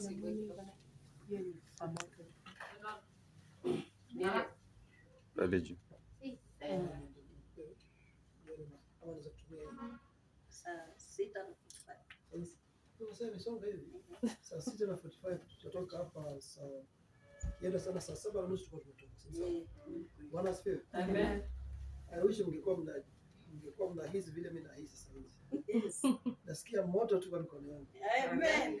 ልጁ saa sita na 45 tutatoka hapa saa yenda sana saa saba na nusu mnahisi vile Nasikia moto tu kwa mikono yangu. Amen.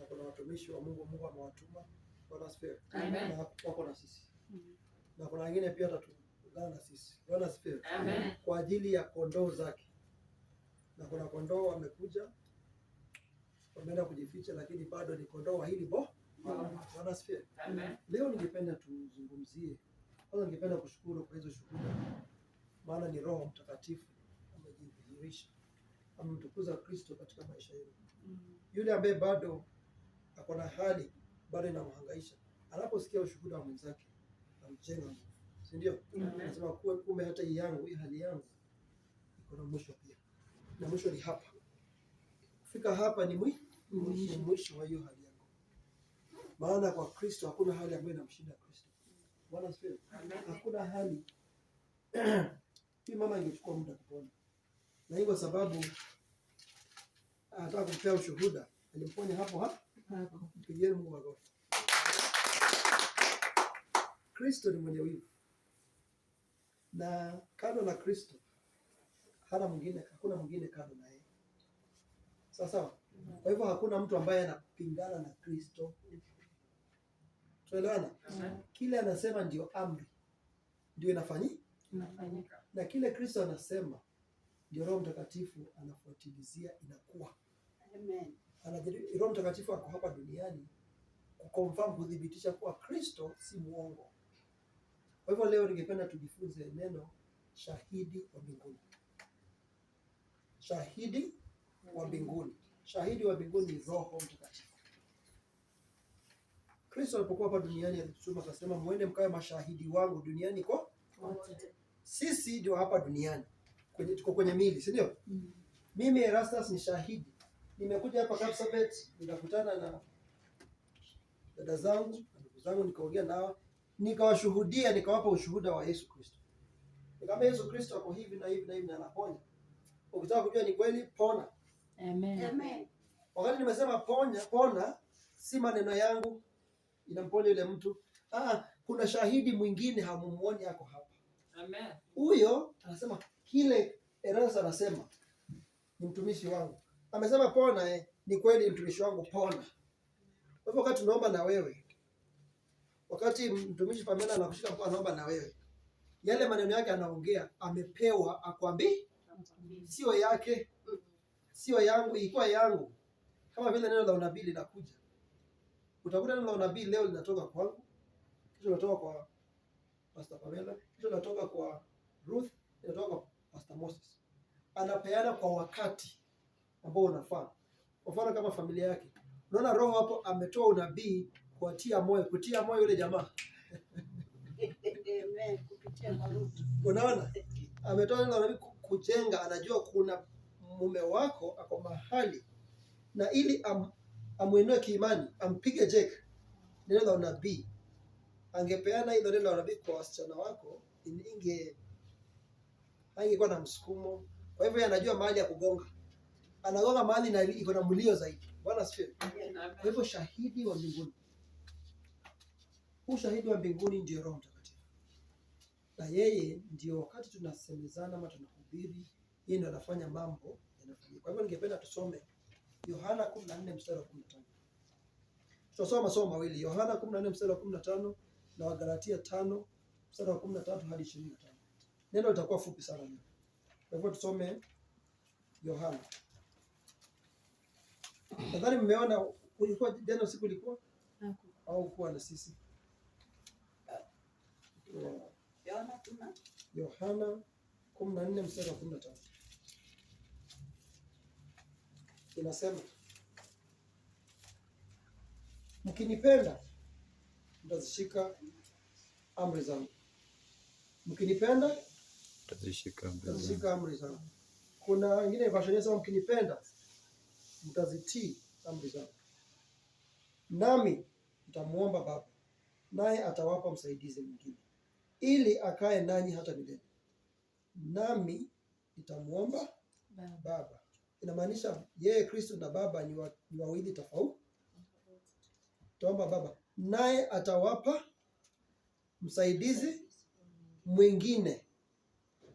na kuna watumishi wa Mungu, Mungu amewatuma Bwana asifiwe, amen, wako na sisi mm. na kuna wengine pia wataungana na sisi Bwana asifiwe, amen, kwa ajili ya kondoo zake, na kuna kondoo wamekuja wameenda kujificha, lakini bado ni kondoo wa hili bo Bwana asifiwe, amen. Leo ningependa tuzungumzie, kwanza ningependa kushukuru kwa hizo shuhuda, maana ni Roho Mtakatifu amejidhihirisha amemtukuza Kristo katika maisha yetu, mm. yule ambaye bado ako na hali bado inamhangaisha, anaposikia ushuhuda wa mwenzake amjenga nguvu, si ndio? Anasema kumbe hata hii yangu hii hali yangu iko na mwisho pia, na mwisho ni hapa. Kufika hapa ni mwisho mwisho, wa hiyo hali yangu. maana kwa Kristo hakuna hali ambayo inamshinda Kristo. Bwana sifiwe. Hakuna hali hii. Mama ingechukua muda kupona, na hii kwa sababu anataka kumpea ushuhuda, alimponya hapo hapo Mungu makofi. Kristo ni mwenye wivu, na kando na Kristo hana mwingine, hakuna mwingine kando na yeye. Sawa sawa. Kwa hivyo hakuna mtu ambaye anapingana na Kristo. Tuelewana? Kile anasema ndio amri, ndio inafanyika, na kile Kristo anasema ndio Roho Mtakatifu anafuatilizia, inakuwa Amen anajaribu Roho Mtakatifu ako hapa duniani kuconfirm, kuthibitisha kuwa Kristo si mwongo. Kwa hivyo leo ningependa tujifunze neno shahidi wa mbinguni. Shahidi wa mbinguni, shahidi wa mbinguni ni Roho Mtakatifu. Kristo alipokuwa hapa duniani alituma akasema, mwende mkawe mashahidi wangu duniani kwa sisi ndio hapa duniani kwenye, tuko kwenye mili, si ndio? mm -hmm. Mimi Erastus ni shahidi Nimekuja hapa Kapsabet nikakutana na dada zangu na ndugu zangu, nikaongea nao, nikawashuhudia, nikawapa ushuhuda wa Yesu Kristo. Nikamwambia Yesu Kristo ako hivi na hivi na hivi na anaponya. Ukitaka kujua ni kweli, pona. Amen. Amen. Wakati nimesema ponya, pona, si maneno yangu, inamponya yule mtu. Ah, kuna shahidi mwingine hamumuoni ako hapa. Amen. Huyo anasema kile Erasa anasema ni mtumishi wangu amesema pona eh. Ni kweli mtumishi wangu pona. Kwa hivyo wakati unaomba na wewe, wakati mtumishi Pamela anakushika kwa anaomba na wewe, yale maneno yake anaongea amepewa, akwambi sio yake, sio yangu, ilikuwa yangu. Kama vile neno la unabii linakuja, utakuta neno la unabii leo linatoka kwangu, kisha linatoka kwa Pastor Pamela, kisha linatoka kwa Ruth, linatoka kwa Pastor Moses. Anapeana kwa wakati ambao unafaa. Kwa mfano kama familia yake, unaona Roho hapo ametoa unabii kuatia moyo, kutia moyo yule jamaa unaona, ametoa neno unabii kujenga. Anajua kuna mume wako ako mahali, na ili am, amwinue kiimani, ampige jeki, neno la unabii angepeana hilo neno la unabii kwa wasichana wako, inge angekuwa na msukumo. Kwa hivyo anajua mahali ya kugonga anagonga mahali na iko na mlio zaidi. Bwana asifiwe. Kwa hivyo shahidi wa mbinguni, huu shahidi wa mbinguni ndio Roho Mtakatifu, na yeye ndio wakati tunasemezana ama tunahubiri, yeye ndio anafanya mambo yanafanyika. Kwa hivyo ningependa tusome Yohana 14 mstari wa 15. Tutasoma masomo mawili, Yohana 14 mstari wa 15 na Wagalatia 5 mstari wa 13 hadi 25. Neno litakuwa fupi sana leo. Kwa hivyo tusome Yohana Nadhani mmeona ulikuwa jana usiku ulikuwa au kuwa na sisi Yohana kumi na nne mstari wa kumi na tano inasema, mkinipenda mtazishika amri zangu, mkinipenda mtazishika amri zangu. Kuna wengine version mkinipenda mtazitii amri zangu. Nami mtamwomba Baba, naye atawapa msaidizi mwingine, ili akae nanyi hata milele. Nami nitamwomba Baba. Inamaanisha yeye Kristo na Baba ni, wa, ni wawili tofauti. Taomba Baba, naye atawapa msaidizi mwingine.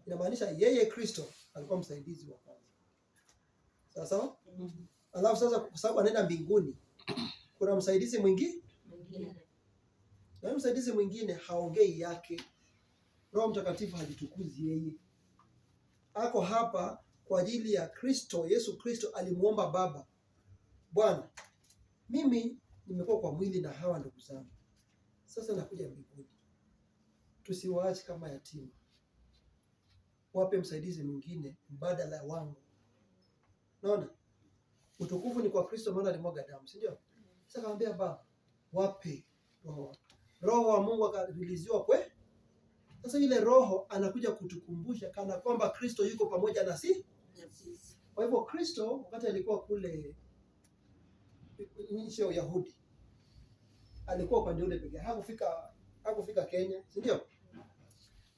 Inamaanisha yeye Kristo alikuwa msaidizi wa kwanza. Sawa sawa? mm -hmm. Alafu sasa kwa sababu anaenda mbinguni, kuna msaidizi mwingine mwingine, na msaidizi mwingine haongei yake. Roho Mtakatifu hajitukuzi yeye, ako hapa kwa ajili ya Kristo. Yesu Kristo alimuomba Baba, Bwana, mimi nimekuwa kwa mwili na hawa ndugu zangu, sasa nakuja mbinguni, tusiwaache kama yatima, wape msaidizi mwingine mbadala wangu. Naona utukufu ni kwa Kristo, maana alimwaga damu, si ndio? Sasa kaambia baba, wape roho. Roho wa Mungu akadhiliziwa kwe. Sasa ile roho anakuja kutukumbusha kana kwamba Kristo yuko pamoja na sisi. Kwa hivyo Kristo wakati alikuwa kule nchi ya Uyahudi alikuwa upande ule pekee, hakufika hakufika Kenya, si ndio?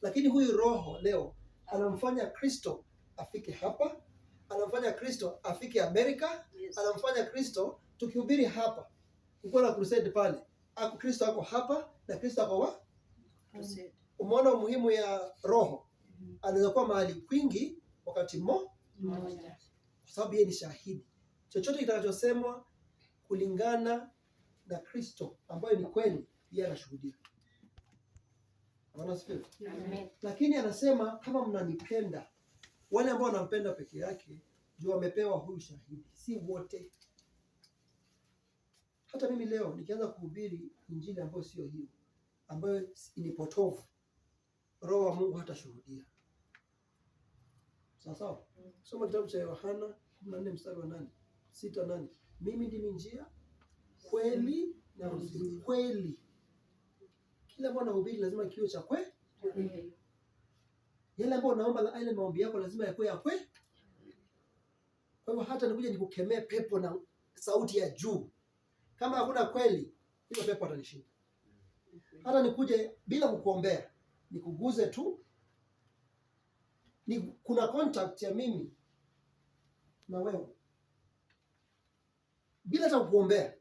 Lakini huyu roho leo anamfanya Kristo afike hapa anamfanya Kristo afike Amerika yes. Anamfanya Kristo tukihubiri hapa, kulikuwa na crusade pale, ako Kristo ako hapa na Kristo ako wa crusade. Umeona umuhimu ya roho, mhm. anaweza kuwa mahali kwingi wakati mmoja -hmm. kwa sababu yeye ni shahidi. Chochote kitakachosemwa kulingana na Kristo ambayo ni kweli, yeye anashuhudia. Amen. Lakini anasema kama mnanipenda wale ambao wanampenda peke yake ndio wamepewa huyu shahidi, si wote. Hata mimi leo nikianza kuhubiri injili ambayo sio hiyo, ambayo ni potofu, roho wa Mungu hatashuhudia. Sawa sawa, soma kitabu cha Yohana kumi na nne mstari wa nane sita nane mimi ndimi njia, kweli na uzima. Kweli kila mwana hubiri lazima kiwe cha kweli yale ambayo unaomba, ile maombi yako lazima yakuwe ya kweli. Kwa hivyo hata nikuja nikukemee pepo na sauti ya juu, kama hakuna kweli, hiyo pepo atanishinda. Hata nikuje bila kukuombea, nikuguze tu, ni kuna contact ya mimi na wewe bila hata kukuombea,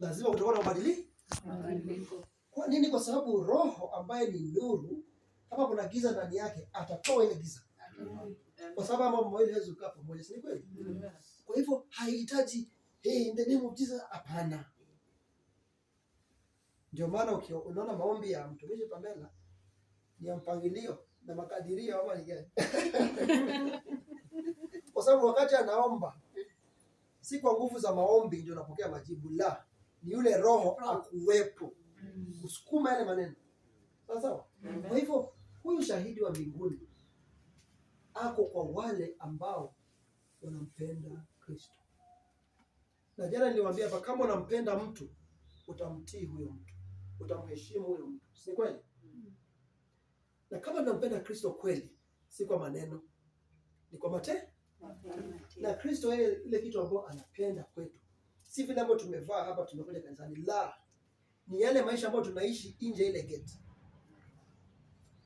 lazima utakuwa na mabadiliko. Kwa nini? Kwa sababu roho ambaye ni nuru kama kuna giza ndani yake atatoa ile giza, kwa sababu mambo mawili hawezi kukaa pamoja, si kweli? Kwa hivyo haihitaji hey, muujiza, hapana. Ndio maana unaona maombi ya mtumishi Pamela ni ya mpangilio na makadirio ama ni gani? Kwa sababu wakati anaomba si kwa nguvu za maombi ndio unapokea majibu, la ni yule Roho akuwepo mm. usukuma yale maneno sawa sawa. Kwa hivyo Huyu shahidi wa mbinguni ako kwa wale ambao wanampenda Kristo. Na jana niliwaambia hapa, kama unampenda mtu utamtii huyo mtu, utamheshimu huyo mtu, si kweli? Na kama tunampenda Kristo kweli, si kwa maneno, ni kwa mate na Kristo yeye, ile kitu ambayo anapenda kwetu, si vile ambavyo tumevaa hapa tumekuja kanisani, la, ni yale maisha ambayo tunaishi nje ile geti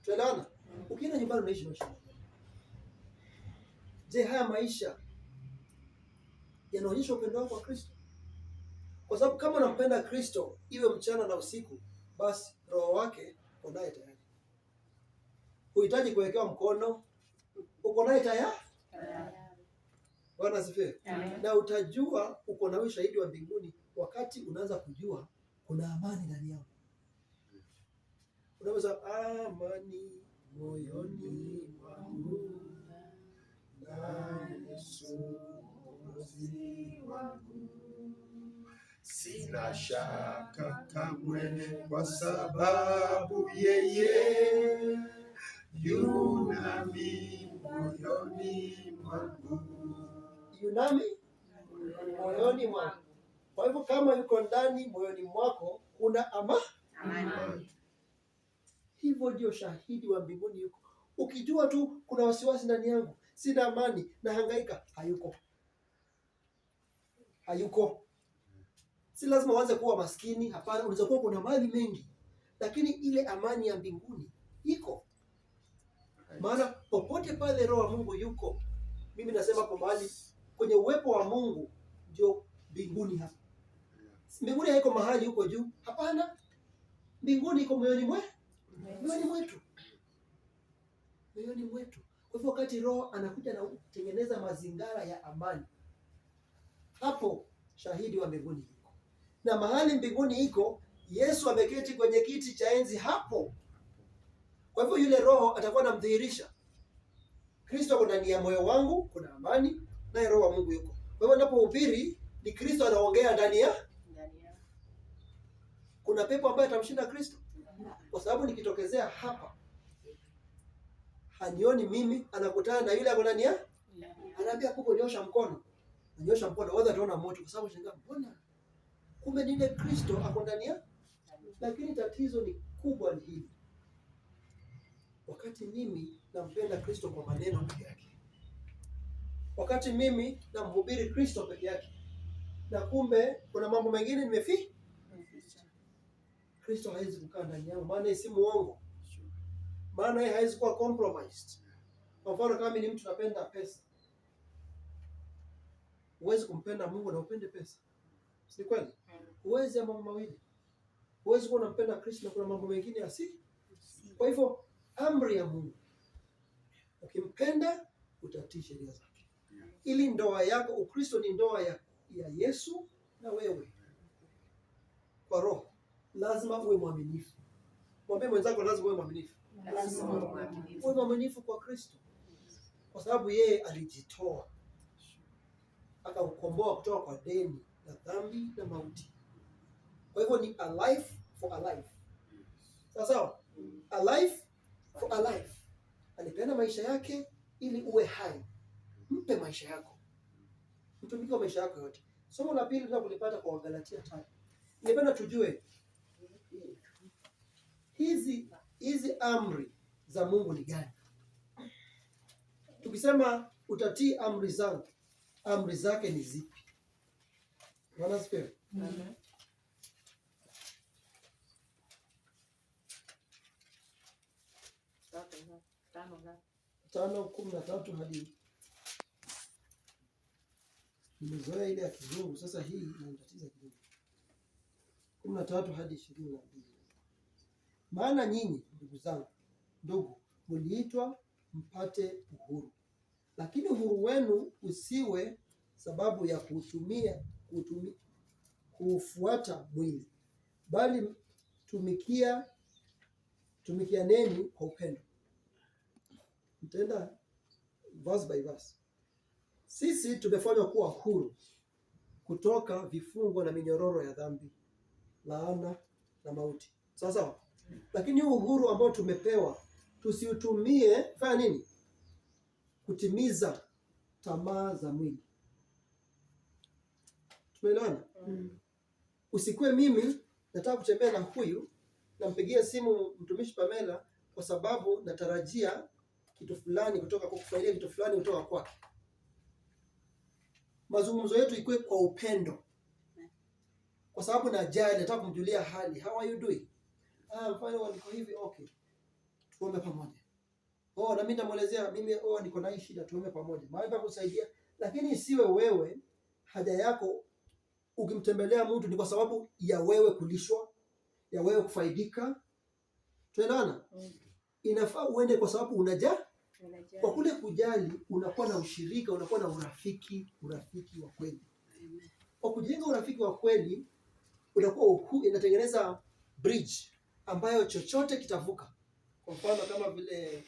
Tuelewana? Ukienda nyumbani unaishi maisha. Je, haya maisha yanaonyesha upendo wako wa Kristo? Kwa sababu kama unampenda Kristo iwe mchana na usiku, basi roho wake uko naye tayari, huhitaji kuwekewa mkono, uko naye tayari. Bwana asifiwe. Na utajua uko na ushahidi wa mbinguni wakati unaanza kujua kuna amani ndani yako unaweza amani moyoni mwangu na Yesu Mwokozi wangu, sina shaka kamwe, kwa sababu yeye yunami moyoni mwangu, yunami moyoni mwangu. Kwa hivyo kama yuko ndani moyoni mwako kuna ama amani. Hivyo ndio shahidi wa mbinguni yuko. Ukijua tu kuna wasiwasi ndani yangu, sina amani na hangaika, hayuko, hayuko. Si lazima uanze kuwa maskini, hapana. Unaweza kuwa kuna mali mengi, lakini ile amani ya mbinguni iko, maana popote pale roho wa Mungu yuko. Mimi nasema kwa mahali kwenye uwepo wa Mungu ndio mbinguni. Hapa mbinguni haiko mahali huko juu, hapana. Mbinguni iko moyoni mwetu moyoni mwetu, moyoni mwetu. Kwa hivyo wakati Roho anakuja na kutengeneza mazingira ya amani, hapo shahidi wa mbinguni iko, na mahali mbinguni iko, Yesu ameketi kwenye kiti cha enzi hapo. Kwa hivyo yule Roho atakuwa anamdhihirisha Kristo ako ndani ya moyo wangu, kuna amani, naye Roho wa Mungu yuko. Kwa hivyo ninapohubiri ni Kristo anaongea ndani ya, kuna pepo ambayo atamshinda Kristo? sababu nikitokezea hapa hanioni mimi, anakutana na yule ako ndani anaambia kuko nyosha mkono, nyosha mkono, wewe utaona moto, kwa sababu shangaa, mbona kumbe ni ile Kristo ako ndani ya. Lakini tatizo ni kubwa ni hili, wakati mimi nampenda Kristo kwa maneno peke yake, wakati mimi namhubiri Kristo peke yake, na kumbe kuna mambo mengine nimefika Kristo hawezi kukaa ndani yangu, maana yeye si muongo, maana yeye hawezi kuwa compromised. Kwa mfano kama ni mtu napenda pesa, huwezi kumpenda Mungu na upende pesa, si kweli? Huwezi ya mambo mawili, huwezi kuwa unampenda Kristo na kuna mambo mengine asi Kwa hivyo amri ya Mungu, ukimpenda utatii sheria zake, ili ndoa yako. Ukristo ni ndoa ya, ya Yesu na wewe kwa roho lazima uwe mwaminifu. Mwambie mwenzako lazima uwe mwaminifu, uwe mwaminifu kwa Kristo, kwa sababu yeye alijitoa akaukomboa kutoka kwa deni na dhambi na mauti. Kwa hivyo ni a life for a sawa sawa, for Alipeana maisha yake ili uwe hai. Mpe maisha yako, mtumikie maisha yako yote. Somo la pili tunalolipata kwa Wagalatia tatu, ningependa tujue hizi hizi amri za Mungu ni gani? Tukisema utatii amri zangu, amri zake ni zipi? Bwana asifiwe. Amen. Tano kumi na tatu hadi nimezoea ile ya kizungu sasa, hii inanitatiza kidogo. kumi na tatu hadi ishirini na mbili maana nyinyi ndugu zangu, ndugu, mliitwa mpate uhuru, lakini uhuru wenu usiwe sababu ya kutumia kuutumia mwili, bali tumikia tumikianeni kwa upendo. Mtaenda verse by verse. Sisi tumefanywa kuwa huru kutoka vifungo na minyororo ya dhambi, laana na mauti. Sawa sawa. Lakini huu uhuru ambao tumepewa tusiutumie fanya nini? Kutimiza tamaa za mwili. Tumeelewana? Mm. Usikue mimi nataka kutembea na huyu, nampigia simu mtumishi Pamela kwa sababu natarajia kitu fulani kutoka kwa kufailia kitu fulani kutoka kwake. Mazungumzo yetu ikuwe kwa upendo, kwa sababu najali, nataka kumjulia hali, how are you doing ah, mfano niko hivi okay, tuombe pamoja. Oh, na mimi namuelezea mimi, oh, niko na hii shida, tuombe pamoja, mahali pa kusaidia. Lakini isiwe wewe haja yako ukimtembelea mtu ni kwa sababu ya wewe kulishwa, ya wewe kufaidika. tuelewana? Mm. Inafaa uende kwa sababu unaja kwa kule kujali, unakuwa na ushirika, unakuwa na urafiki, urafiki wa kweli. Kwa kujenga urafiki wa kweli, unakuwa inatengeneza bridge ambayo chochote kitavuka. Kwa mfano kama vile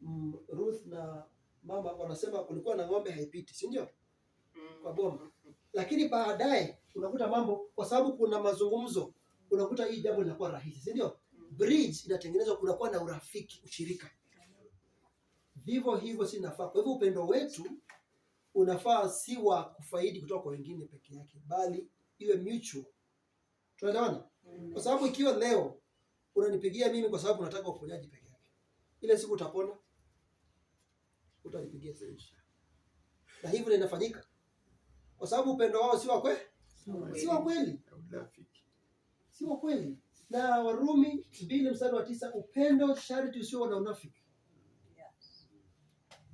mm, Ruth na mama wanasema kulikuwa na ng'ombe haipiti, si ndio? Mm. Kwa boma, lakini baadaye unakuta mambo, kwa sababu kuna mazungumzo, unakuta hii jambo linakuwa rahisi, si ndio? Mm. Bridge inatengenezwa, kunakuwa na urafiki, ushirika. Vivyo hivyo si nafaa. Kwa hivyo upendo wetu unafaa si wa kufaidi kutoka kwa wengine peke yake, bali iwe mutual. Tunaelewana? Mm. Kwa sababu ikiwa leo unanipigia mimi kwa sababu unataka uponyaji peke yake, ile siku utapona, utanipigia sisi. Na hivyo inafanyika kwa sababu upendo wao si wa kweli, si wa kweli, si wa kweli. Na Warumi 2 mstari wa tisa, upendo sharti usio na unafiki. Yes.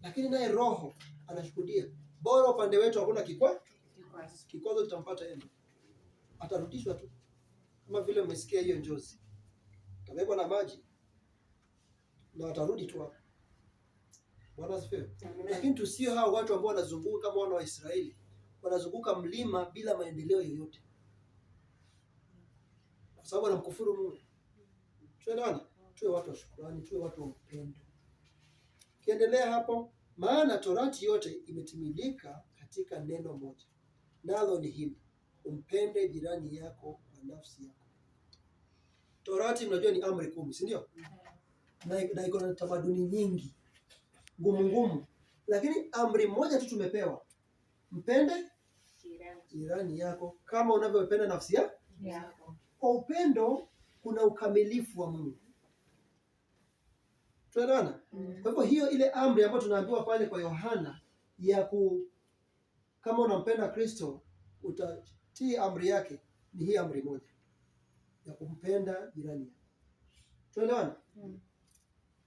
Lakini naye Roho anashuhudia, bora upande wetu hakuna kikwazo, kikwazo kitampata yeye, atarudishwa tu kama vile umesikia hiyo njozi, tabebwa na maji na watarudi tu hapo. Bwana asifiwe. Lakini tusio hao watu ambao wanazunguka kama wana wa Israeli, wanazunguka mlima bila maendeleo yoyote, kwa sababu wanamkufuru Mungu. nani? tuwe watu wa shukrani, tuwe watu wa upendo. Kiendelea hapo, maana torati yote imetimilika katika neno moja, nalo ni hili, umpende jirani yako na nafsi yako. Torati mnajua ni amri kumi, si ndio? Mhm. Na iko na tamaduni nyingi ngumu ngumu, lakini amri moja tu tumepewa, mpende jirani yako kama unavyopenda nafsi yako. Kwa upendo kuna ukamilifu wa Mungu. Tunaelewana? Mm. Kwa hivyo hiyo ile amri ambayo tunaambiwa pale kwa Yohana ya ku kama unampenda Kristo utatii amri yake, ni hii amri moja ya kumpenda jirani yako. Tuelewana? Hmm.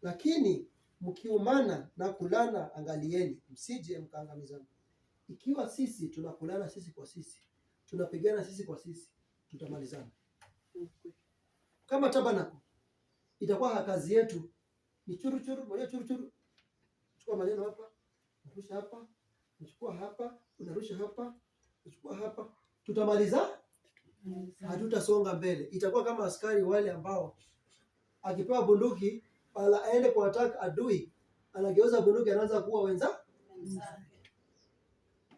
Lakini mkiumana na kulana, angalieni msije mkaangamizana. Ikiwa sisi tunakulana sisi kwa sisi, tunapigana sisi kwa sisi, tutamalizana. Hmm, Kama tabanako itakuwa kazi yetu ni churu churu moja churu churu, chukua maneno hapa, narusha hapa, nachukua hapa, unarusha hapa, nachukua hapa, tutamaliza hatutasonga mbele. Itakuwa kama askari wale ambao akipewa bunduki aende kwa attack adui, anageuza bunduki, anaanza kuwa wenza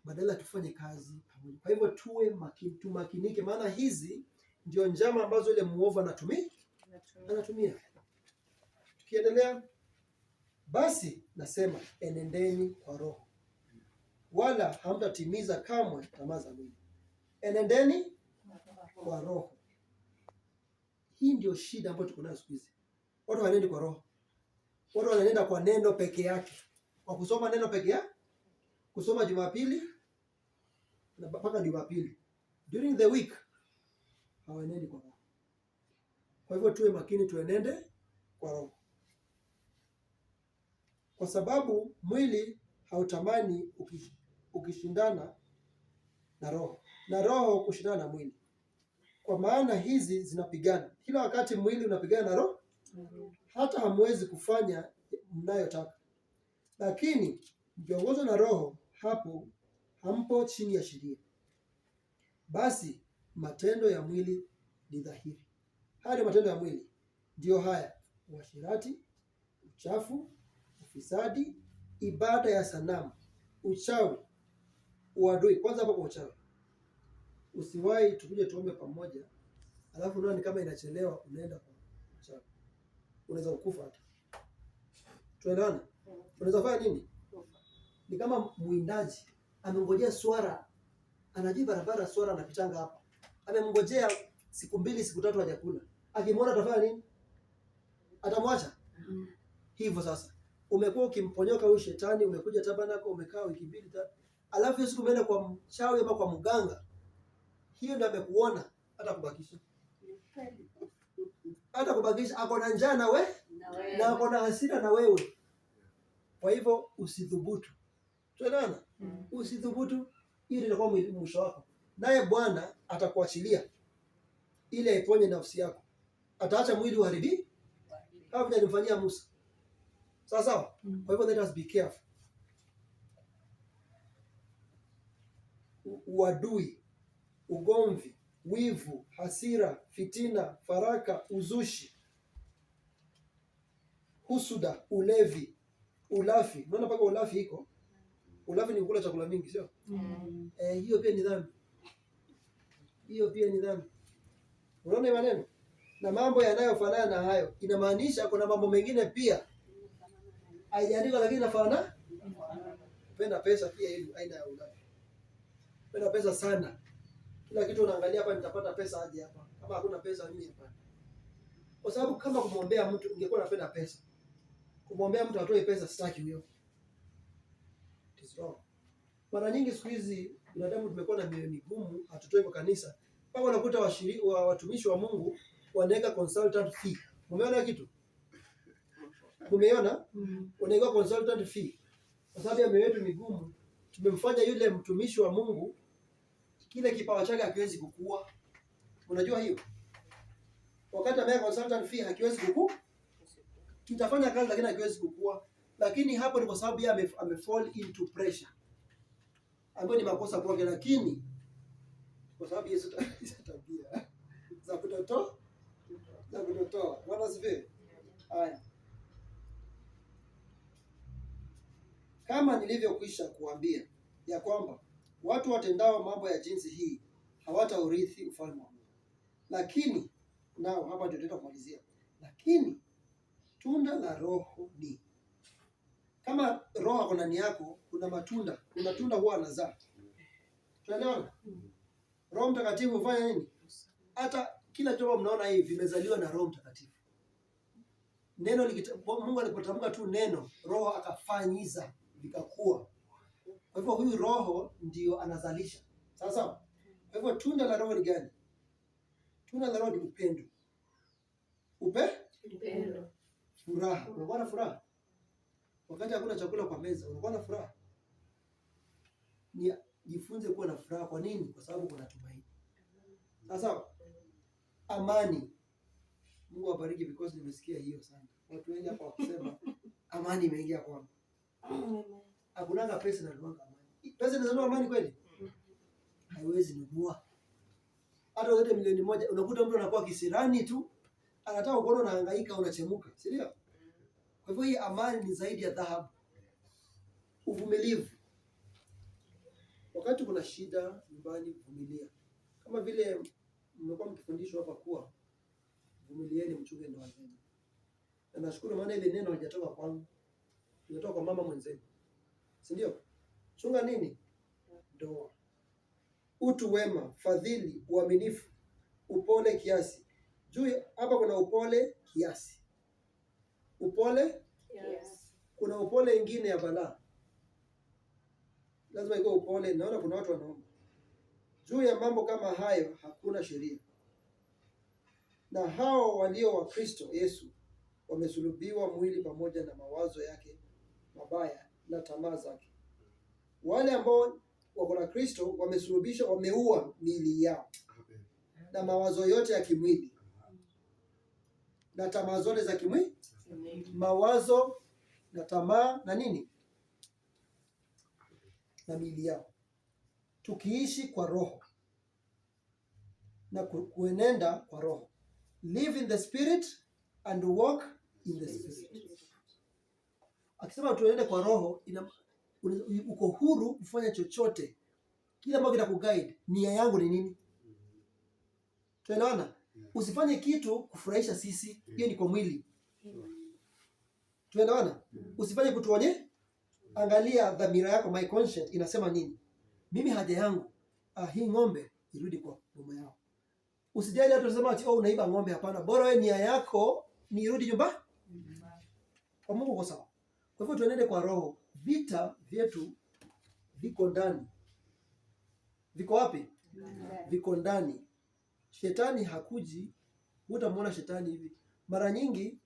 badala tufanye kazi pamoja. Kwa hivyo tuwe makini, tumakinike, maana hizi ndio njama ambazo ile muovu anatumia anatumia. Tukiendelea basi, nasema enendeni kwa Roho, wala hamtatimiza kamwe tamaa za mwili. Enendeni kwa roho. Hii ndio shida ambayo tuko nayo siku hizi. Watu wanaenda kwa roho, watu wanaenda kwa neno peke yake, kwa kusoma neno peke yake, kusoma Jumapili na mpaka Jumapili, during the week hawaenendi kwa roho. Kwa hivyo tuwe makini, tuenende kwa roho, kwa sababu mwili hautamani ukishindana na roho na roho kushindana na mwili kwa maana hizi zinapigana kila wakati, mwili unapigana na roho, hata hamwezi kufanya mnayotaka. Lakini mkiongozwa na Roho, hapo hampo chini ya sheria. Basi matendo ya mwili ni dhahiri. Haya ndio matendo ya mwili, ndiyo haya: uasherati, uchafu, ufisadi, ibada ya sanamu, uchawi, uadui. Kwanza hapo kwa uchawi Usiwahi tukuje tuombe pamoja, alafu unaona kama inachelewa, unaenda kwa mchana, unaweza kukufa hata. Tuelewana? Unaweza fanya nini? Ni kama mwindaji amengojea swara, anajua barabara swara anapitanga hapa, amemngojea siku mbili siku tatu hajakula, akimwona atafanya nini? Atamwacha hivyo. Sasa umekuwa ukimponyoka huyu shetani, umekuja tabanako, umekaa wiki mbili tatu, alafu hiyo siku umeenda kwa mchawi ama kwa mganga hiyo ndio amekuona hata kubakisha hata kubakisha, ako na njaa na we na ako na hasira na wewe. Kwa hivyo usidhubutu, tuelewana? mm. Usidhubutu, hiyo itakuwa mwisho wako, naye Bwana atakuachilia ili aiponye nafsi yako. Ataacha mwili uharibi kama vile alimfanyia Musa, sawa sawa. Hmm. Kwa hivyo let us be careful uadui ugomvi, wivu, hasira, fitina, faraka, uzushi, husuda, ulevi, ulafi. Unaona mpaka ulafi iko. Ulafi ni kula chakula mingi, sio? Mm. Eh, hiyo pia ni dhambi. Hiyo pia ni dhambi. Unaona maneno na mambo yanayofanana na hayo, inamaanisha kuna mambo mengine pia haijaandikwa, lakini inafanana. Penda pesa pia hiyo aina ya ulafi. Penda pesa sana kila kitu unaangalia hapa, nitapata pesa aje hapa? Kama hakuna pesa nini hapana. Kwa sababu kama kumwombea mtu ungekuwa unapenda pesa. Kumwombea mtu atoe pesa sitaki hiyo. Mara nyingi siku hizi binadamu tumekuwa na mioyo migumu, hatutoi kwa kanisa. Mpaka unakuta washiriki wa watumishi wa Mungu wanaweka consultant fee. Umeona kitu? Umeona? Unaweka consultant fee. Kwa sababu ya mioyo yetu migumu, tumemfanya yule mtumishi wa Mungu kile kipawa chake hakiwezi kukua. Unajua hiyo, wakati ambaye consultant fee hakiwezi kukua, kitafanya kazi lakini hakiwezi kukua. Lakini hapo ni kwa sababu yeye ame, fall into pressure ambayo ni makosa kwake, lakini kwa sababu Yesu tabia za kutotoa za kutotoa bwana sivyo. Haya, kama nilivyokwisha kuambia ya kwamba Watu watendao mambo ya jinsi hii hawataurithi ufalme wa Mungu. Lakini nao, hapa ndio tutaenda kumalizia, lakini tunda la Roho ni kama Roho ako ndani yako, kuna matunda, kuna tunda huwa anazaa. Tunaelewana? Roho Mtakatifu hufanya nini? Hata kila jambo mnaona hivi vimezaliwa na Roho Mtakatifu. Neno likita, Mungu alipotamka tu neno, Roho akafanyiza, vikakuwa kwa hivyo huyu Roho ndio anazalisha, sawa sawa. Kwa hivyo tunda la Roho ni gani? Tunda la Roho ni upendo, upe upendo, furaha. Unakuwa na furaha wakati hakuna chakula kwa meza, unakuwa na furaha. Jifunze kuwa na furaha. Kwa nini? Kwa sababu kuna tumaini, sawa sawa. Amani. Mungu awabariki, because nimesikia hiyo sana. Watu wengi hapa wakisema amani imeingia kwangu akunanga pesa na inanunuanga amani. Pesa na inanunua amani kweli? Haiwezi nunua. Hata ulete milioni moja, unakuta mtu anakuwa kisirani tu, anataka kuona unahangaika, unachemuka, si ndio? Kwa hivyo hii amani ni zaidi ya dhahabu. Uvumilivu. Wakati kuna shida nyumbani, vumilia. Kama vile mmekuwa mkifundishwa hapa kuwa vumilieni, mchunge ndoa zenu. Na nashukuru maana ile neno halijatoka kwangu, linatoka kwa mama mwenzenu si ndio? Chunga nini? Ndoa, utu wema, fadhili, uaminifu, upole kiasi. Juu hapa kuna upole kiasi, upole yes. Kuna upole ingine ya balaa, lazima iko upole. Naona kuna watu wanaomba juu ya mambo kama hayo. Hakuna sheria, na hao walio wa Kristo Yesu wamesulubiwa mwili pamoja na mawazo yake mabaya na tamaa zake. Wale ambao wako na Kristo wamesulubishwa, wameua miili yao na mawazo yote ya kimwili na tamaa zote za kimwili, mawazo na tamaa na nini na miili yao. Tukiishi kwa roho na kuenenda kwa roho, live in the spirit and walk in the spirit. Akisema tuende kwa roho ina, uko huru kufanya chochote kile ambacho kitakuguide. Nia yangu ni nini? Tuelewana? Usifanye kitu kufurahisha sisi, hiyo ni kwa mwili. Tuelewana? Usifanye kutuonye, angalia dhamira yako, my conscience inasema nini? Mimi haja yangu ah, hii ng'ombe irudi kwa mama yao. Usijali hata unasema ati oh, unaiba ng'ombe. Hapana, bora wewe nia yako ni irudi nyumba mm-hmm. kwa Mungu, kwa sawa. Kwa hivyo tuende kwa roho. Vita vyetu viko ndani. Viko wapi? Viko ndani. Shetani hakuji, hutamwona shetani hivi. Mara nyingi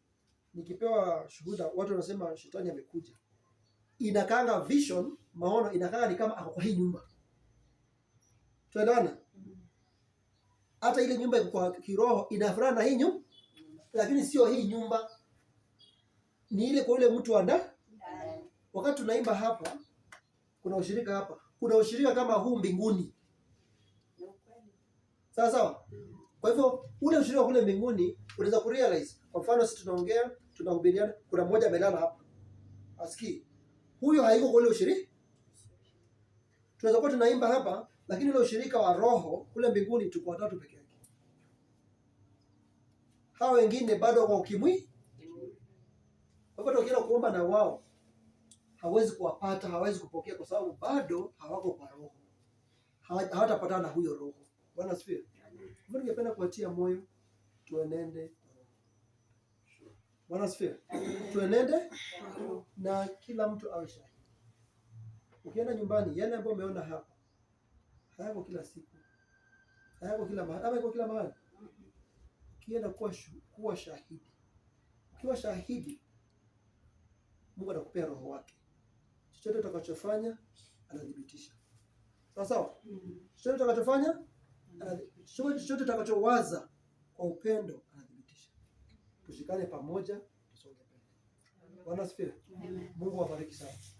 nikipewa shuhuda, watu wanasema shetani amekuja. Inakanga vision, maono inakanga ni kama ako kwa hii nyumba. Tuelewana? Hata ile nyumba iko kwa kiroho inafurana na hii nyumba, lakini sio hii nyumba. Ni ile kwa ule mtu anda Wakati tunaimba hapa, kuna ushirika hapa, kuna ushirika kama huu mbinguni, sawa sawa. Kwa hivyo ule ushirika kule mbinguni unaweza kurealize. Kwa mfano sisi tunaongea, tunahubiriana, kuna mmoja amelala hapa, asikii huyo, haiko kwa ushirika. Tunaweza kuwa tunaimba hapa, lakini ule ushirika wa roho kule mbinguni tuko watatu pekee yake, hao wengine bado kwa ukimwi. Kwa hivyo tukienda kuomba na wao hawezi kuwapata, hawezi kupokea kwa sababu bado hawako kwa roho, hawatapatana na huyo roho. Bwana asifiwe. Ningependa kuatia moyo tuenende Bwana asifiwe. Tuenende na kila mtu awe shahidi. Ukienda nyumbani, yale ambayo umeona hapa hayako kila siku, hayako kila mahali, hayako kila mahali. Ukienda kuwa, kuwa shahidi, ukiwa shahidi, Mungu anakupea roho wake chote utakachofanya anathibitisha. Sawa sawa? Mm-hmm. Chote utakachofanya mm-hmm. chote utakachowaza kwa upendo anathibitisha. Tushikane pamoja, tusonge mbele. Bwana asifiwe. Mungu awabariki sana.